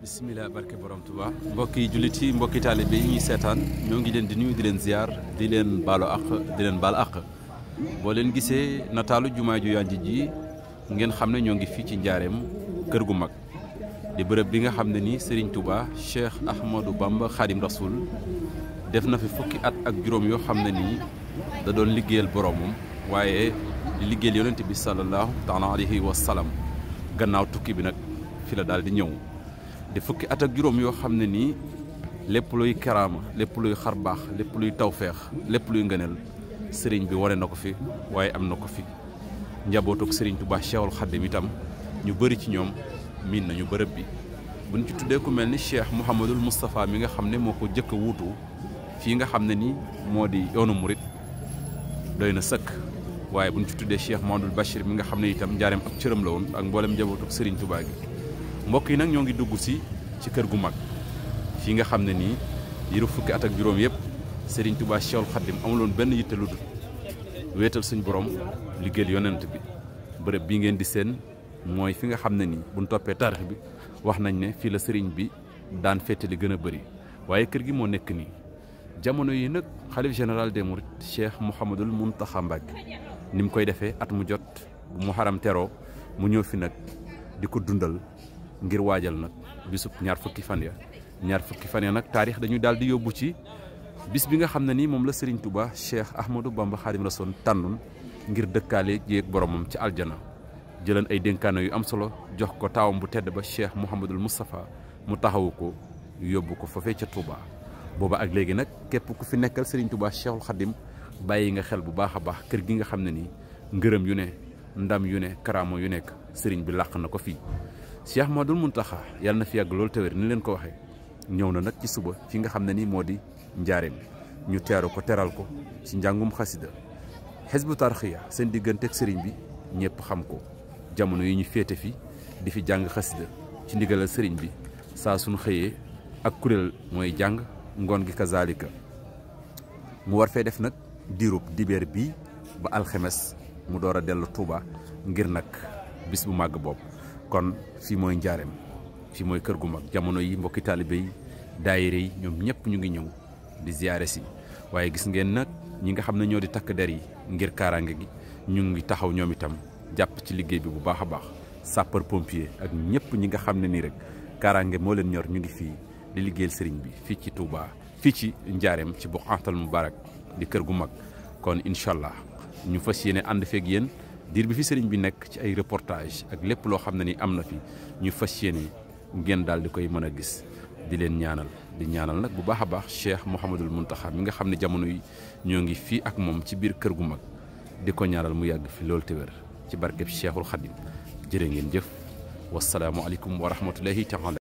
bisimilah barke borom Touba mbokki jullit yi mbokki taalibe yi ñuy seetaan ñoo ngi leen di nuyu di leen ziar di leen baalu àq di leen baal àq boo leen gisee nataalu jumaa ju yanj ji ngeen xam ne ñoo ngi fii ci njaareem kër gu mag di bërëb bi nga xam ne ni sëriñ Touba Cheikh Ahmadou Bamba Khadim Rasoul def na fi fukki at ak juróom yoo xam ne nii da doon liggéeyal boromam waaye di liggéeyal yonent bi sallallahu taala alayhi wa gannaaw tukki bi nag fi la daal di ñëw. di fukki at ak juróom yoo xam ne nii lépp luy karaama lépp luy xar baax lépp luy tawfeex lépp luy ngëneel sëriñ bi ware na ko fi waaye am na ko fi njabootuk sëriñ Tuubaa Cheikhul Xaddim itam ñu bari ci ñoom miin nañu bërëb bi bu ñu ci tuddee ku mel ni Cheikh Mouhamadul Moustapha mi nga xam ne moo ko jëkk a wuutu fii nga xam ne nii moo di yoonu murit doy na sëkk waaye bu ñu ci tuddee Cheikh Mouhamadul Bachir mi nga xam ne itam njaareem ab cëram la woon ak mboolem njabootuk sëriñ Tuubaa gi mbokk yi nag ñoo ngi dugg si ci kër gu mag fii nga xam ne nii yëru fukki at ak juróom yëpp Serigne Touba Cheikhul Khadim amuloon benn yitte lu dul wéetal suñ borom liggéeyal yonent bi bërëb bi ngeen di séen mooy fi nga xam ne nii buñ toppee taarix bi wax nañ ne fii la Serigne bi daan fete li gën a bëri waaye kër gi moo nekk nii jamono yi nag xalif général des mourides Cheikh Mouhamadul Mountakha Mbacké ni mu koy defee at mu jot mu xaram teroo mu ñëw fi nag di ko dundal ngir waajal nag bisub ñaar fukki fan ya ñaar fukki fan ya nag taarix dañuy daal di yóbbu ci bis bi nga xam ne nii moom la Serigne Touba Cheikh Ahmadou Bamba Xaadim Rasoon tànnoon ngir dëkkaale yéeg boromam ci aljana jëlan ay dénkaane yu am solo jox ko taawam bu tedd ba Cheikh Mouhamadul Moustapha mu taxawu ko yóbbu ko foofee ca Touba. booba ak léegi nag képp ku fi nekkal Serigne Touba Cheikhul Xadim bàyyi nga xel bu baax a baax kër gi nga xam ne ni ngërëm yu ne ndam yu ne karaama yu nekk Serigne bi làq na ko fii. Cheikh Ahmadul taxa yàlla na fi yàgg loolu te wér ni leen ko waxee ñëw na nag ci suba fi nga xam ne nii moo di njaareem ñu teeru ko teral ko ci njàngum xasida xisbu tarxiya seen diggante ak sëriñ bi ñëpp xam ko jamono yi ñu féete fi di fi jàng xasida ci ndigalal sëriñ bi saa suñu xëyee ak kuréel mooy jàng ngoon gi kazalika mu war fee def nag diirub dibeer bii ba alxemes mu door a dellu Touba ngir nag bis bu màgg boobu kon fii mooy njaareem fii mooy kër gu mag jamono yi mbokki taalibe yi daayira yi ñoom ñëpp ñu ngi ñëw di ziyaare si waaye gis ngeen nag ñi nga xam ne ñoo di takk der yi ngir kaaraange gi ñu ngi taxaw ñoom itam jàpp ci liggéey bi bu baax a baax sapeur pompier ak ñëpp ñi nga xam ne nii rek kaaraange moo leen ñor ñu ngi fii di liggéeyal sëriñ bi fii ci Touba fii ci njaareem ci bu antal mubarak di kër gu mag kon incha allah ñu fas yéene ànd feeg yéen diir bi fi sëriñ bi nekk ci ay reportage ak lépp loo xam ne ni am na fi ñu fas yéene ngeen daal di koy mën a gis di leen ñaanal di ñaanal nag bu baax a baax Cheikh Mouhamadul Mountakha mi nga xam ne jamono yi ñoo ngi fii ak moom ci biir kër gu mag di ko ñaanal mu yàgg fi loolu te wér ci barkeb Cheikhul Khadim jërë ngeen jëf wasalaamualeykum wa rahmatullahi taala